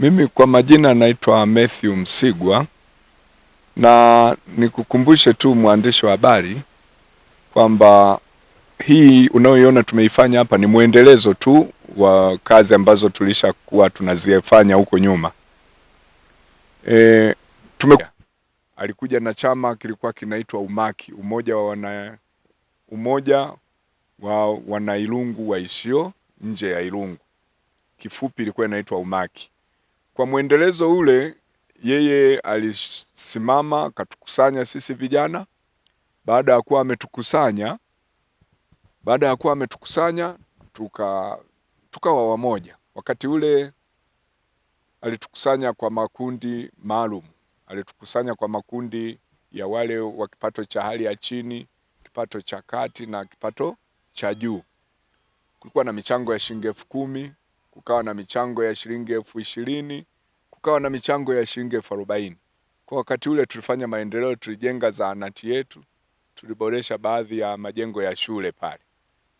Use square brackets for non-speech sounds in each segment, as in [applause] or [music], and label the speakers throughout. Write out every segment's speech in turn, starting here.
Speaker 1: Mimi kwa majina naitwa Matthew Msigwa, na nikukumbushe tu mwandishi wa habari kwamba hii unayoiona tumeifanya hapa ni mwendelezo tu wa kazi ambazo tulishakuwa tunazifanya huko nyuma. E, tume... alikuja na chama kilikuwa kinaitwa Umaki, umoja wa wana umoja wa wanailungu waishio nje ya Ilungu, kifupi ilikuwa inaitwa Umaki. Kwa mwendelezo ule, yeye alisimama akatukusanya sisi vijana. Baada ya kuwa ametukusanya, baada ya kuwa ametukusanya tuka tukawa wamoja. Wakati ule alitukusanya kwa makundi maalum, alitukusanya kwa makundi ya wale wa kipato cha hali ya chini, kipato cha kati na kipato cha juu. Kulikuwa na michango ya shilingi elfu kumi, kukawa na michango ya shilingi elfu ishirini, kukawa na michango ya shilingi elfu arobaini. Kwa wakati ule tulifanya maendeleo, tulijenga zahanati yetu, tuliboresha baadhi ya majengo ya shule pale,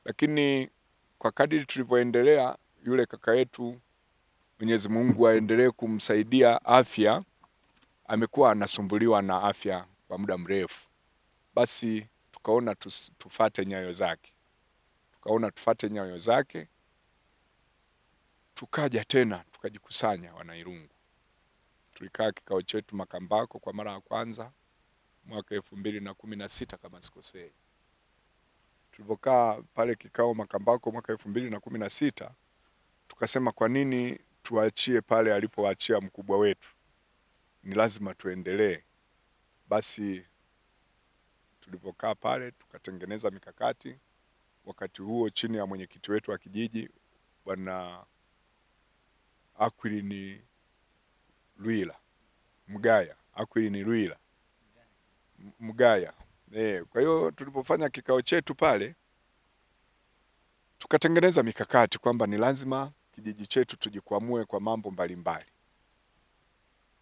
Speaker 1: lakini kwa kadiri tulivyoendelea, yule kaka yetu, Mwenyezi Mungu aendelee kumsaidia afya, amekuwa anasumbuliwa na afya kwa muda mrefu. Basi tukaona tufate nyayo zake, tukaona tufate nyayo zake, tukaja tena tukajikusanya Wanairungu tulikaa kikao chetu Makambako kwa mara ya kwanza mwaka elfu mbili na kumi na sita kama sikosei. tulivyokaa pale kikao Makambako mwaka elfu mbili na kumi na sita tukasema kwa nini tuachie pale alipoachia mkubwa wetu, ni lazima tuendelee. Basi tulivyokaa pale tukatengeneza mikakati. Wakati huo chini ya mwenyekiti wetu wa kijiji Bwana Akwilini Lwila Mgaya, Akwili ni Lwila Mgaya e. Kwa hiyo tulipofanya kikao chetu pale tukatengeneza mikakati kwamba ni lazima kijiji chetu tujikwamue kwa mambo mbalimbali mbali.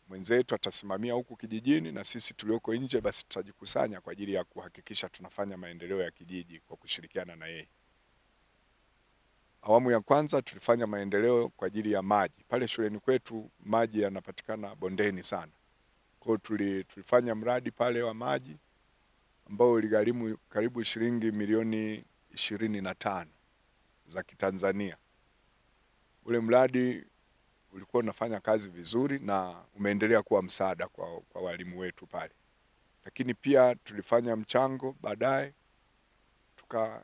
Speaker 1: Mwenzetu atasimamia huku kijijini na sisi tulioko nje basi tutajikusanya kwa ajili ya kuhakikisha tunafanya maendeleo ya kijiji kwa kushirikiana na yeye. Awamu ya kwanza tulifanya maendeleo kwa ajili ya maji. Pale shuleni kwetu maji yanapatikana bondeni sana. Kwa tulifanya mradi pale wa maji ambao uligharimu karibu shilingi milioni ishirini na tano za Kitanzania. Ule mradi ulikuwa unafanya kazi vizuri na umeendelea kuwa msaada kwa, kwa walimu wetu pale, lakini pia tulifanya mchango baadaye tuka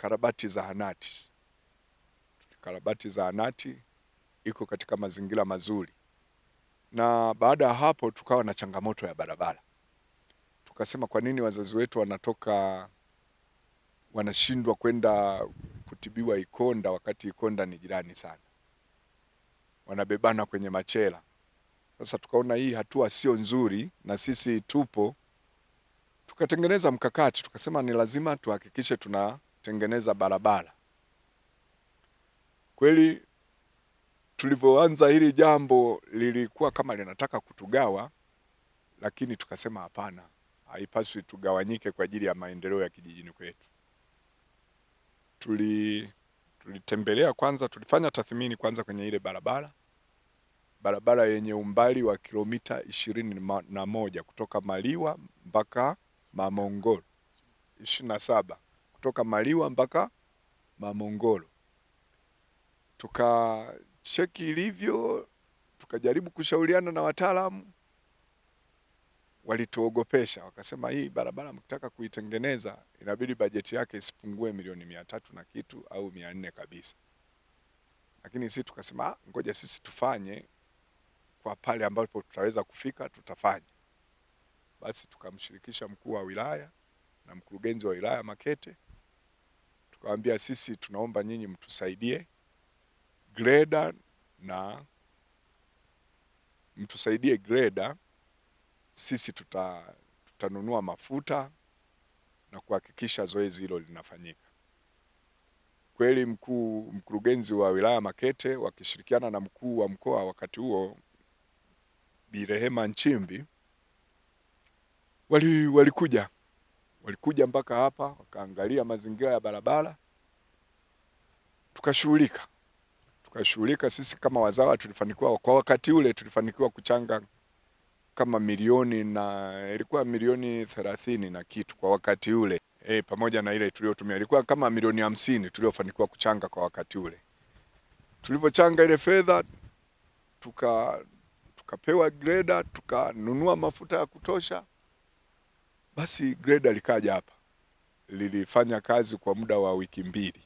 Speaker 1: karabati zahanati. Tulikarabati zahanati iko katika mazingira mazuri, na baada ya hapo tukawa na changamoto ya barabara. Tukasema kwa nini wazazi wetu wanatoka wanashindwa kwenda kutibiwa Ikonda wakati Ikonda ni jirani sana, wanabebana kwenye machela. Sasa tukaona hii hatua sio nzuri, na sisi tupo tukatengeneza mkakati, tukasema ni lazima tuhakikishe tuna kutengeneza barabara. Kweli tulivyoanza hili jambo lilikuwa kama linataka kutugawa, lakini tukasema hapana, haipaswi tugawanyike kwa ajili ya maendeleo ya kijijini kwetu. Tuli tulitembelea kwanza, tulifanya tathmini kwanza kwenye ile barabara barabara yenye umbali wa kilomita ishirini na moja kutoka Maliwa mpaka Mamongolo ishirini na saba kutoka Maliwa mpaka Mamongolo. Tukacheki ilivyo, tukajaribu kushauriana na wataalamu, walituogopesha wakasema, hii barabara mkitaka kuitengeneza inabidi bajeti yake isipungue milioni mia tatu na kitu au mia nne kabisa. Lakini sisi tukasema ah, ngoja sisi tufanye kwa pale ambapo tutaweza kufika tutafanya. Basi tukamshirikisha mkuu wa wilaya na mkurugenzi wa wilaya Makete. Tukawaambia sisi tunaomba nyinyi mtusaidie greda na mtusaidie greda, sisi tuta, tutanunua mafuta na kuhakikisha zoezi hilo linafanyika. Kweli mkuu mkurugenzi wa wilaya Makete wakishirikiana na mkuu wa mkoa wakati huo birehema Nchimbi Nchimbi wali, walikuja walikuja mpaka hapa wakaangalia mazingira ya barabara, tukashughulika tukashughulika. Sisi kama wazawa tulifanikiwa kwa wakati ule, tulifanikiwa kuchanga kama milioni na ilikuwa milioni thelathini na kitu kwa wakati ule e, pamoja na ile tuliyotumia ilikuwa kama milioni hamsini tuliyofanikiwa kuchanga kwa wakati ule. Tulivyochanga ile fedha tuka tukapewa greda, tukanunua mafuta ya kutosha. Basi greda likaja hapa, lilifanya kazi kwa muda wa wiki mbili,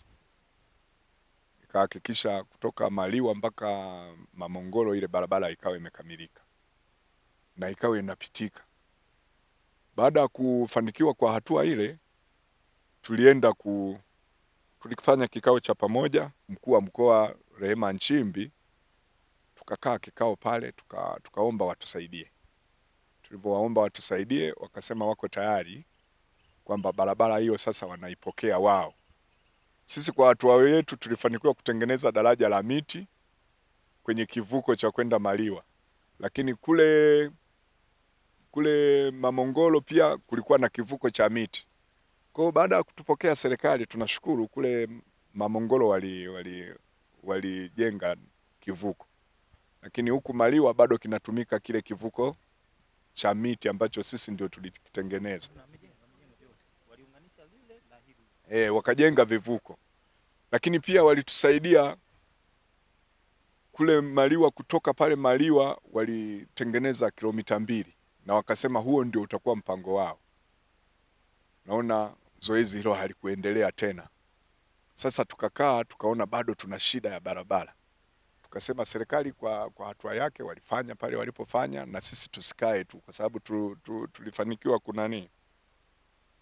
Speaker 1: nikahakikisha kutoka Maliwa mpaka Mamongolo ile barabara ikawa imekamilika na ikawa inapitika. Baada ya kufanikiwa kwa hatua ile, tulienda ku tulifanya kikao cha pamoja, mkuu wa mkoa Rehema Nchimbi, tukakaa kikao pale tuka, tukaomba watusaidie tulivyowaomba watusaidie, wakasema wako tayari kwamba barabara hiyo sasa wanaipokea wao. Sisi kwa hatua yetu tulifanikiwa kutengeneza daraja la miti kwenye kivuko cha kwenda Maliwa, lakini kule kule Mamongolo pia kulikuwa na kivuko cha miti. Kwa hiyo baada ya kutupokea serikali, tunashukuru kule Mamongolo walijenga wali kivuko, lakini huku Maliwa bado kinatumika kile kivuko cha miti ambacho sisi ndio tulikitengeneza. E, wakajenga vivuko, lakini pia walitusaidia kule Maliwa. Kutoka pale Maliwa walitengeneza kilomita mbili na wakasema huo ndio utakuwa mpango wao. Naona zoezi hilo halikuendelea tena. Sasa tukakaa tukaona bado tuna shida ya barabara tukasema serikali kwa, kwa hatua yake walifanya pale walipofanya, na sisi tusikae tu, kwa sababu tu, tu, tulifanikiwa kunani.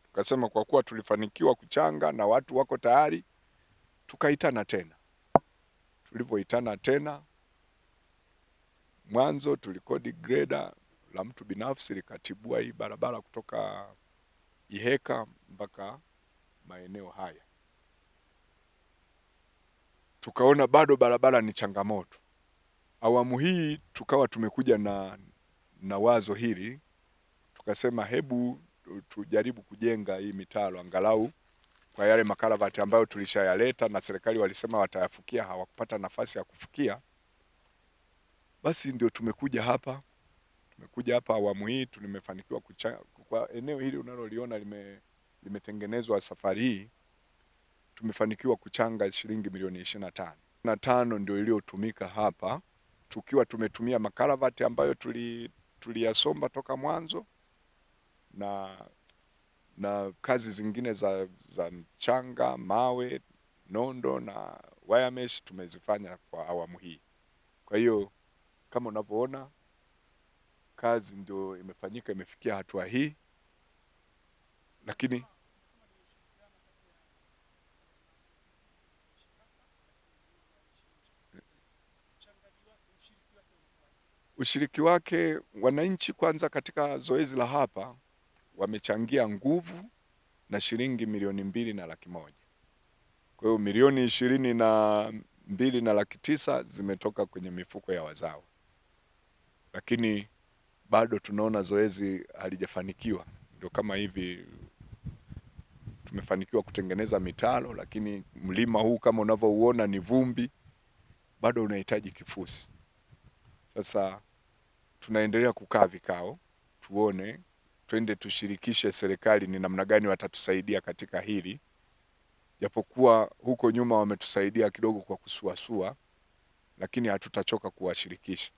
Speaker 1: Tukasema kwa kuwa tulifanikiwa kuchanga na watu wako tayari, tukaitana tena. Tulivyoitana tena, mwanzo tulikodi greda la mtu binafsi likatibua hii barabara kutoka Iheka mpaka maeneo haya tukaona bado barabara ni changamoto. Awamu hii tukawa tumekuja na, na wazo hili tukasema hebu tujaribu kujenga hii mitaro angalau kwa yale makaravati ambayo tulishayaleta na serikali walisema watayafukia, hawakupata nafasi ya kufukia. Basi ndio tumekuja hapa, tumekuja hapa awamu hii tumefanikiwa kwa eneo hili unaloliona lime limetengenezwa safari hii tumefanikiwa kuchanga shilingi milioni ishirini na tano na tano ndio iliyotumika hapa, tukiwa tumetumia makaravati ambayo tuliyasomba tuli toka mwanzo na na kazi zingine za, za mchanga, mawe, nondo na wire mesh tumezifanya kwa awamu hii. Kwa hiyo kama unavyoona kazi ndio imefanyika imefikia hatua hii, lakini ushiriki wake wananchi kwanza katika zoezi la hapa wamechangia nguvu na shilingi milioni mbili na laki moja. Kwa hiyo milioni ishirini na mbili na laki tisa zimetoka kwenye mifuko ya wazawa, lakini bado tunaona zoezi halijafanikiwa. Ndio kama hivi tumefanikiwa kutengeneza mitaro, lakini mlima huu kama unavyouona ni vumbi, bado unahitaji kifusi. Sasa tunaendelea kukaa vikao, tuone twende tushirikishe serikali ni namna gani watatusaidia katika hili, japokuwa huko nyuma wametusaidia kidogo kwa kusuasua, lakini hatutachoka kuwashirikisha.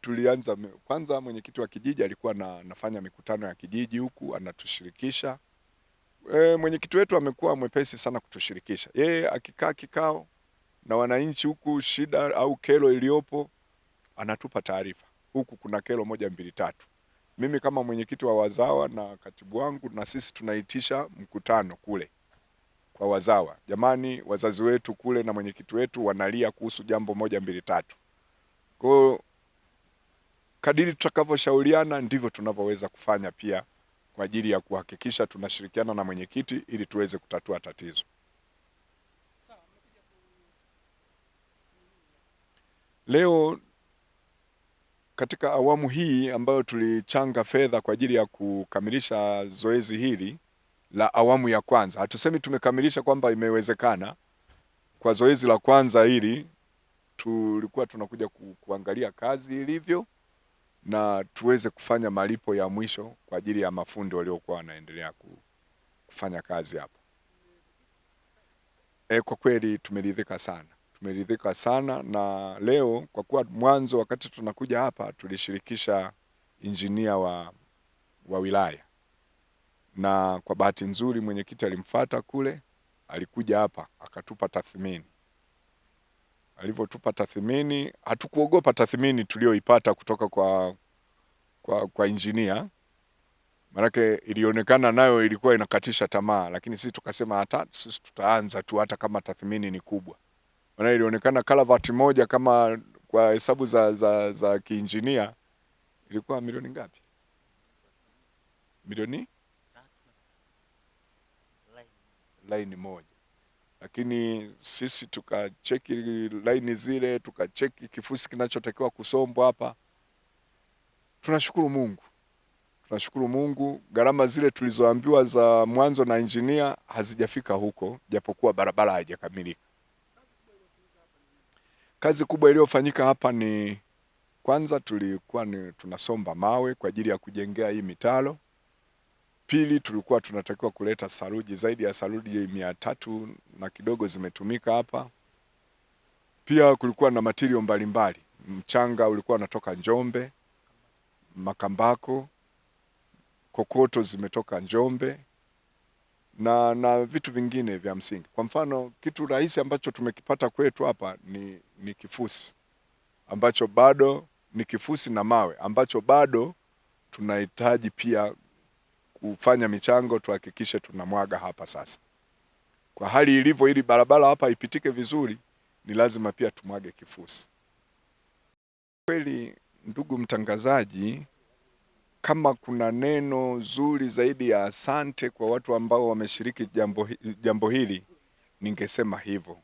Speaker 1: Tulianza kwanza, mwenyekiti wa kijiji alikuwa na, nafanya mikutano ya kijiji huku anatushirikisha. E, mwenyekiti wetu amekuwa mwepesi sana kutushirikisha. Yeye akikaa kikao na wananchi huku, shida au kero iliyopo, anatupa taarifa, huku kuna kero moja mbili tatu. Mimi kama mwenyekiti wa wazawa na katibu wangu, na sisi tunaitisha mkutano kule kwa wazawa, jamani, wazazi wetu kule na mwenyekiti wetu wanalia kuhusu jambo moja mbili tatu. Kwa hiyo kadiri tutakavyoshauriana ndivyo tunavyoweza kufanya pia kwa ajili ya kuhakikisha tunashirikiana na mwenyekiti ili tuweze kutatua tatizo. Leo katika awamu hii ambayo tulichanga fedha kwa ajili ya kukamilisha zoezi hili la awamu ya kwanza, hatusemi tumekamilisha kwamba imewezekana. Kwa zoezi la kwanza hili tulikuwa tunakuja ku, kuangalia kazi ilivyo na tuweze kufanya malipo ya mwisho kwa ajili ya mafundi waliokuwa wanaendelea kufanya kazi hapo E, kwa kweli tumeridhika sana tumeridhika sana na leo, kwa kuwa mwanzo wakati tunakuja hapa tulishirikisha injinia wa, wa wilaya na kwa bahati nzuri mwenyekiti alimfata kule, alikuja hapa akatupa tathmini. Alivyotupa tathmini, hatukuogopa tathmini tuliyoipata kutoka kwa, kwa, kwa injinia, maanake ilionekana nayo ilikuwa inakatisha tamaa, lakini sisi tukasema hata sisi tutaanza tu hata kama tathmini ni kubwa maana ilionekana kalavati moja kama kwa hesabu za, za, za kiinjinia ilikuwa milioni ngapi? Milioni laini moja, lakini sisi tukacheki laini zile, tukacheki kifusi kinachotakiwa kusombwa hapa. Tunashukuru Mungu, tunashukuru Mungu, gharama zile tulizoambiwa za mwanzo na injinia hazijafika huko, japokuwa barabara haijakamilika. Kazi kubwa iliyofanyika hapa ni kwanza, tulikuwa ni tunasomba mawe kwa ajili ya kujengea hii mitaro. Pili, tulikuwa tunatakiwa kuleta saruji, zaidi ya saruji mia tatu na kidogo zimetumika hapa. Pia kulikuwa na matirio mbalimbali, mchanga ulikuwa unatoka Njombe, makambako, kokoto zimetoka Njombe na, na vitu vingine vya msingi. Kwa mfano kitu rahisi ambacho tumekipata kwetu hapa ni, ni kifusi ambacho bado ni kifusi na mawe ambacho bado tunahitaji pia kufanya michango tuhakikishe tunamwaga hapa sasa. Kwa hali ilivyo, ili barabara hapa ipitike vizuri, ni lazima pia tumwage kifusi. Kweli ndugu mtangazaji, kama kuna neno zuri zaidi ya asante kwa watu ambao wameshiriki jambo, jambo hili ningesema hivyo,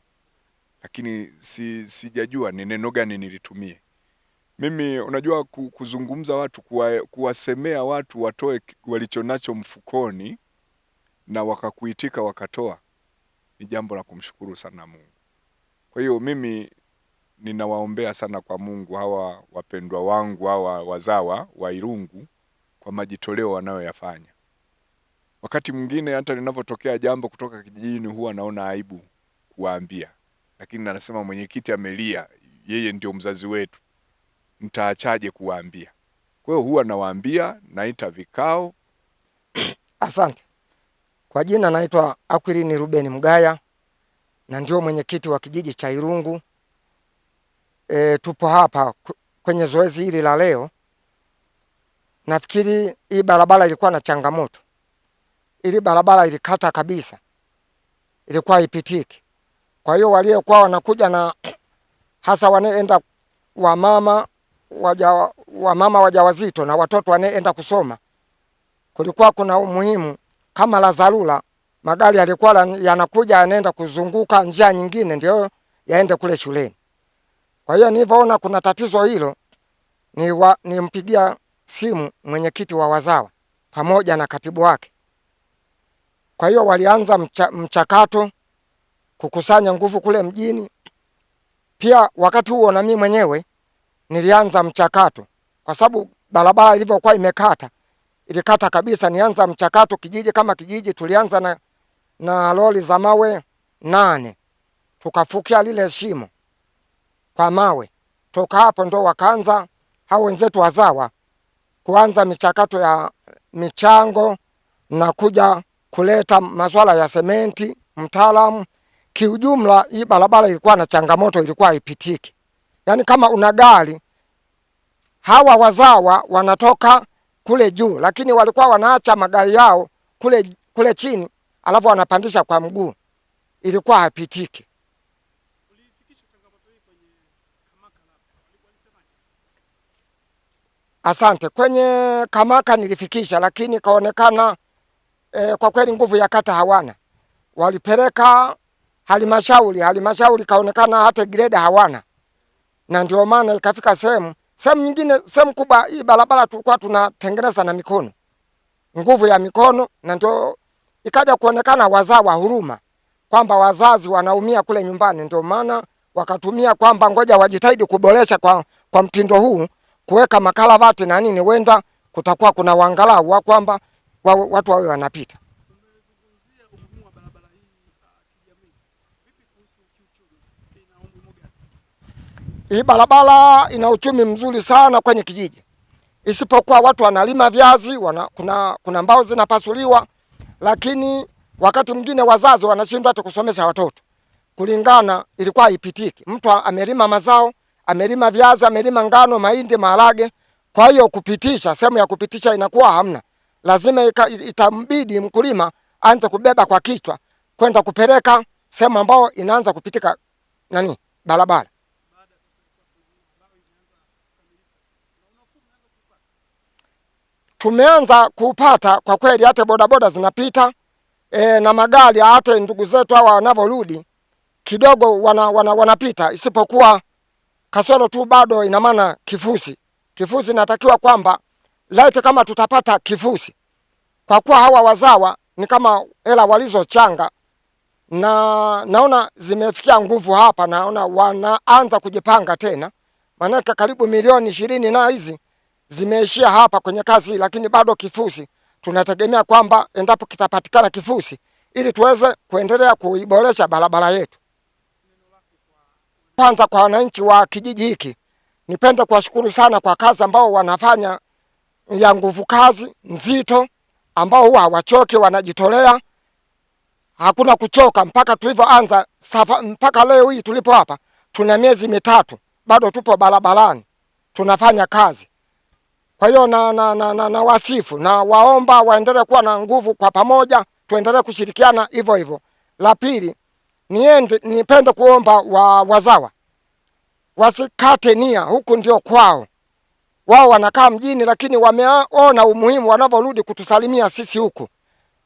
Speaker 1: lakini si, sijajua ni neno gani nilitumie mimi. Unajua, kuzungumza watu, kuwasemea watu watoe walichonacho mfukoni na wakakuitika wakatoa, ni jambo la kumshukuru sana Mungu. Kwa hiyo mimi ninawaombea sana kwa Mungu hawa wapendwa wangu hawa wazawa wa Irungu kwa majitoleo wanayoyafanya. Wakati mwingine hata linapotokea jambo kutoka kijijini huwa naona aibu kuwaambia, lakini anasema mwenyekiti amelia, yeye ndio mzazi wetu, mtaachaje kuwaambia? Kwa hiyo huwa nawaambia, naita vikao.
Speaker 2: [clears throat] Asante. Kwa jina naitwa Aquiline Ruben Mgaya na ndio mwenyekiti wa kijiji cha Irungu. E, tupo hapa kwenye zoezi hili la leo nafikiri hii barabara ilikuwa na changamoto, ili barabara ilikata kabisa, ilikuwa ipitiki Kwa hiyo waliokuwa wanakuja na [clears throat] hasa wanaenda wamama waja wamama wajawazito na watoto wanaenda kusoma, kulikuwa kuna umuhimu kama la dharura, magari yalikuwa yanakuja yanaenda kuzunguka njia nyingine ndio yaende kule shuleni. Kwa hiyo nilivyoona kuna tatizo hilo, ni wa, nimpigia simu mwenyekiti wa wazawa pamoja na katibu wake. Kwa hiyo walianza mcha, mchakato kukusanya nguvu kule mjini. Pia wakati huo na mimi mwenyewe nilianza mchakato, kwa sababu barabara ilivyokuwa imekata ilikata kabisa. Nianza mchakato kijiji kama kijiji, tulianza na, na lori za mawe nane tukafukia lile shimo kwa mawe. Toka hapo ndo wakaanza hao wenzetu wazawa kuanza michakato ya michango na kuja kuleta masuala ya sementi mtaalamu. Kiujumla, hii barabara ilikuwa na changamoto, ilikuwa haipitiki. Yaani kama una gari, hawa wazawa wanatoka kule juu, lakini walikuwa wanaacha magari yao kule kule chini, alafu wanapandisha kwa mguu, ilikuwa haipitiki. Asante. Kwenye Kamaka nilifikisha, lakini ikaonekana e, kwa kweli nguvu ya kata hawana, walipeleka halmashauri. Halmashauri kaonekana hata greda hawana, na ndio maana ikafika sehemu sehemu nyingine, sehemu kubwa hii barabara tulikuwa tunatengeneza na mikono, nguvu ya mikono, na ndio ikaja kuonekana wazaa wa huruma kwamba wazazi wanaumia kule nyumbani, ndio maana wakatumia kwamba ngoja wajitahidi kuboresha kwa, kwa mtindo huu kuweka makaravati na nini, wenda kutakuwa kuna wangalau wa kwamba watu wawe wanapita. Hii barabara ina uchumi mzuri sana kwenye kijiji, isipokuwa watu wanalima viazi wana, kuna, kuna mbao zinapasuliwa, lakini wakati mwingine wazazi wanashindwa hata kusomesha watoto kulingana, ilikuwa haipitiki. Mtu amelima mazao amelima viazi, amelima ngano, mahindi, maharage. Kwa hiyo kupitisha, sehemu ya kupitisha inakuwa hamna, lazima itambidi mkulima aanze kubeba kwa kichwa kwenda kupeleka sehemu ambayo inaanza kupitika nani, barabara. Tumeanza kupata kwa kweli, hata bodaboda zinapita e, na magari hata ndugu zetu hawa wanavyorudi kidogo wana, wana, wanapita isipokuwa kasoro tu bado, ina maana kifusi kifusi natakiwa kwamba laiti kama tutapata kifusi, kwa kuwa hawa wazawa ni kama hela walizochanga, na naona zimefikia nguvu hapa, naona wanaanza kujipanga tena, maanake karibu milioni ishirini na hizi zimeishia hapa kwenye kazi, lakini bado kifusi tunategemea kwamba endapo kitapatikana kifusi, ili tuweze kuendelea kuiboresha barabara yetu. Kwanza kwa wananchi wa kijiji hiki nipende kuwashukuru sana kwa kazi ambao wanafanya ya nguvu kazi nzito, ambao huwa hawachoki, wanajitolea, hakuna kuchoka. Mpaka tulivyoanza safa, mpaka leo hii tulipo hapa, tuna miezi mitatu bado tupo barabarani tunafanya kazi. Kwa hiyo na, na, na, na, na wasifu na waomba waendelee kuwa na nguvu, kwa pamoja tuendelee kushirikiana hivyo hivyo. La pili niende nipende kuomba wa wazawa wasikate nia, huku ndio kwao. Wao wanakaa mjini, lakini wameona umuhimu, wanavyorudi kutusalimia sisi huku,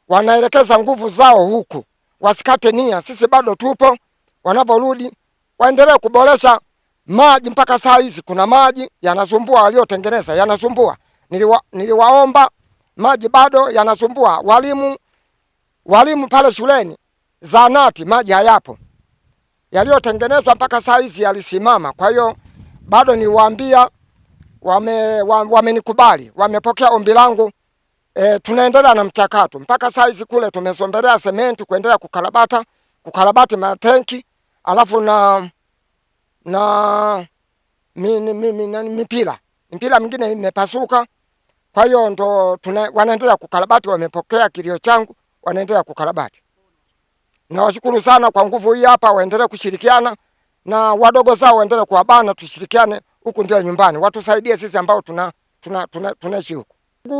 Speaker 2: wanaelekeza nguvu zao huku. Wasikate nia, sisi bado tupo. Wanavyorudi waendelee kuboresha maji. Mpaka saa hizi kuna maji yanasumbua, waliotengeneza yanasumbua. Niliwa, niliwaomba maji bado yanasumbua. Walimu walimu pale shuleni zanati maji hayapo, yaliyotengenezwa mpaka saa hizi yalisimama. Kwa hiyo bado niwaambia, wamenikubali, wame wamepokea ombi langu e, tunaendelea na mchakato mpaka saa hizi. Kule tumesombelea sementi kuendelea kukarabata kukarabati matenki alafu na na mi, mi, mi, mi, mipira mipira mingine imepasuka. Kwa hiyo ndo wanaendelea kukarabati, wamepokea kilio changu, wanaendelea kukarabati. Nawashukuru sana kwa nguvu hii hapa, waendelee kushirikiana na wadogo zao, waendelee kuwabana, tushirikiane. Huku ndio nyumbani, watusaidie sisi ambao tuna tunaishi tuna, tuna, tuna huku.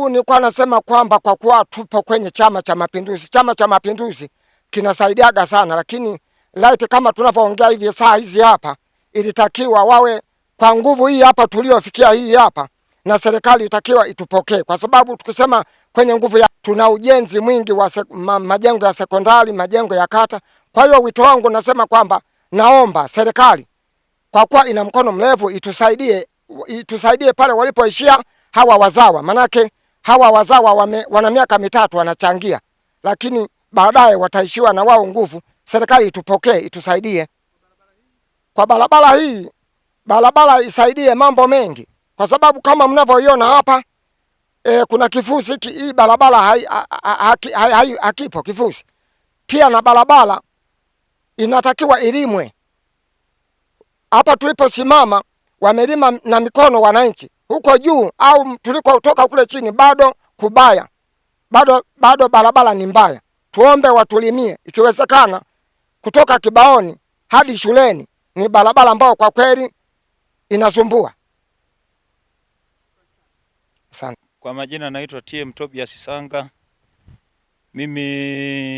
Speaker 2: Nilikuwa nasema kwamba kwa kuwa tupo kwenye Chama cha Mapinduzi, Chama cha Mapinduzi kinasaidiaga sana, lakini laiti kama tunavyoongea hivi saa hizi hapa, ilitakiwa wawe kwa nguvu hii hapa tuliofikia hii hapa, na serikali itakiwa itupokee, kwa sababu tukisema kwenye nguvu ya tuna ujenzi mwingi wa ma, majengo ya sekondari, majengo ya kata. Kwa hiyo wito wangu nasema kwamba naomba serikali kwa kuwa ina mkono mrefu itusaidie, itusaidie pale walipoishia hawa wazawa, manake hawa wazawa wame, wana miaka mitatu wanachangia, lakini baadaye wataishiwa na wao nguvu. Serikali itupokee itusaidie kwa barabara hii. Barabara isaidie mambo mengi, kwa sababu kama mnavyoiona hapa e, kuna kifusi ki, hii barabara hakipo hai, hai, ha, kifusi pia, na barabara inatakiwa ilimwe. Hapa tuliposimama wamelima na mikono wananchi, huko juu au tulikotoka kule chini bado kubaya, bado bado barabara ni mbaya. Tuombe watulimie, ikiwezekana kutoka Kibaoni hadi shuleni ni barabara ambayo kwa kweli inasumbua.
Speaker 3: Asante. Kwa majina naitwa TM Tobias Sanga. Mimi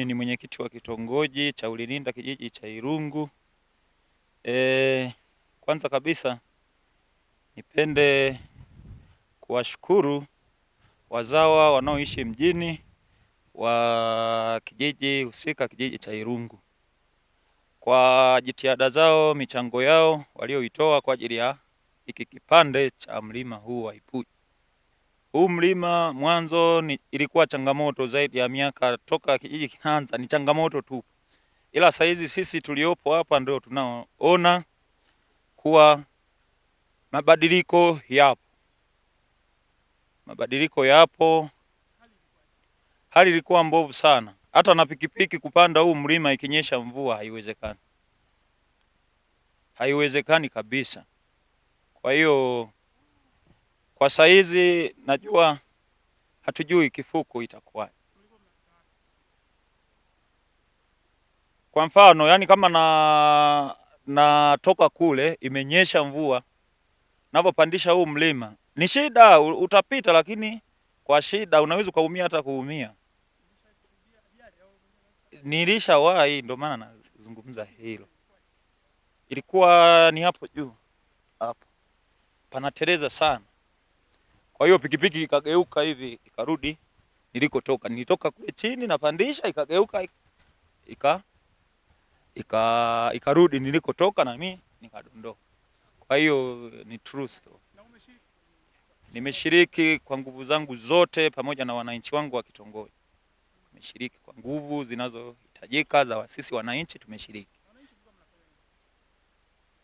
Speaker 3: ni mwenyekiti wa kitongoji cha Ulilinda kijiji cha Irungu. E, kwanza kabisa nipende kuwashukuru wazawa wanaoishi mjini wa kijiji husika, kijiji cha Irungu kwa jitihada zao, michango yao walioitoa kwa ajili ya hiki kipande cha mlima huu wa Ipuji huu mlima mwanzo ni, ilikuwa changamoto zaidi ya miaka toka kijiji kinaanza, ni changamoto tu, ila saizi sisi tuliopo hapa ndio tunaoona kuwa mabadiliko yapo, mabadiliko yapo. Hali ilikuwa mbovu sana, hata na pikipiki kupanda huu mlima ikinyesha mvua haiwezekani, haiwezekani kabisa. Kwa hiyo kwa saizi najua hatujui kifuku itakuwa. Kwa mfano, yani kama na natoka kule imenyesha mvua, navyopandisha huu mlima ni shida, utapita lakini kwa shida unaweza ukaumia hata kuumia. Nilishawahi, ndio maana nazungumza hilo. Ilikuwa ni hapo juu hapo, panatereza sana. Kwa hiyo pikipiki ikageuka hivi ikarudi nilikotoka. Nilitoka kule chini napandisha, ikageuka ika ika ikarudi nilikotoka, na mimi nikadondoka. Kwa hiyo ni true story. Nimeshiriki kwa nguvu zangu zote pamoja na wananchi wangu wa kitongoji. Nimeshiriki kwa nguvu zinazohitajika za sisi wananchi, tumeshiriki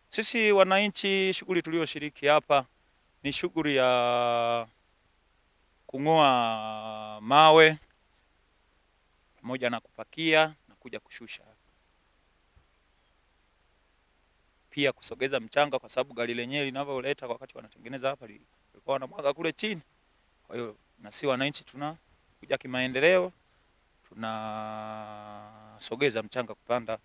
Speaker 3: sisi wananchi. Shughuli tuliyoshiriki hapa ni shughuli ya kung'oa mawe pamoja na kupakia na kuja kushusha, pia kusogeza mchanga, kwa sababu gari lenyewe linavyoleta wakati wanatengeneza hapa walikuwa wanamwaga kule chini. Kwa hiyo na si wananchi tuna kuja kimaendeleo, tunasogeza mchanga kupanda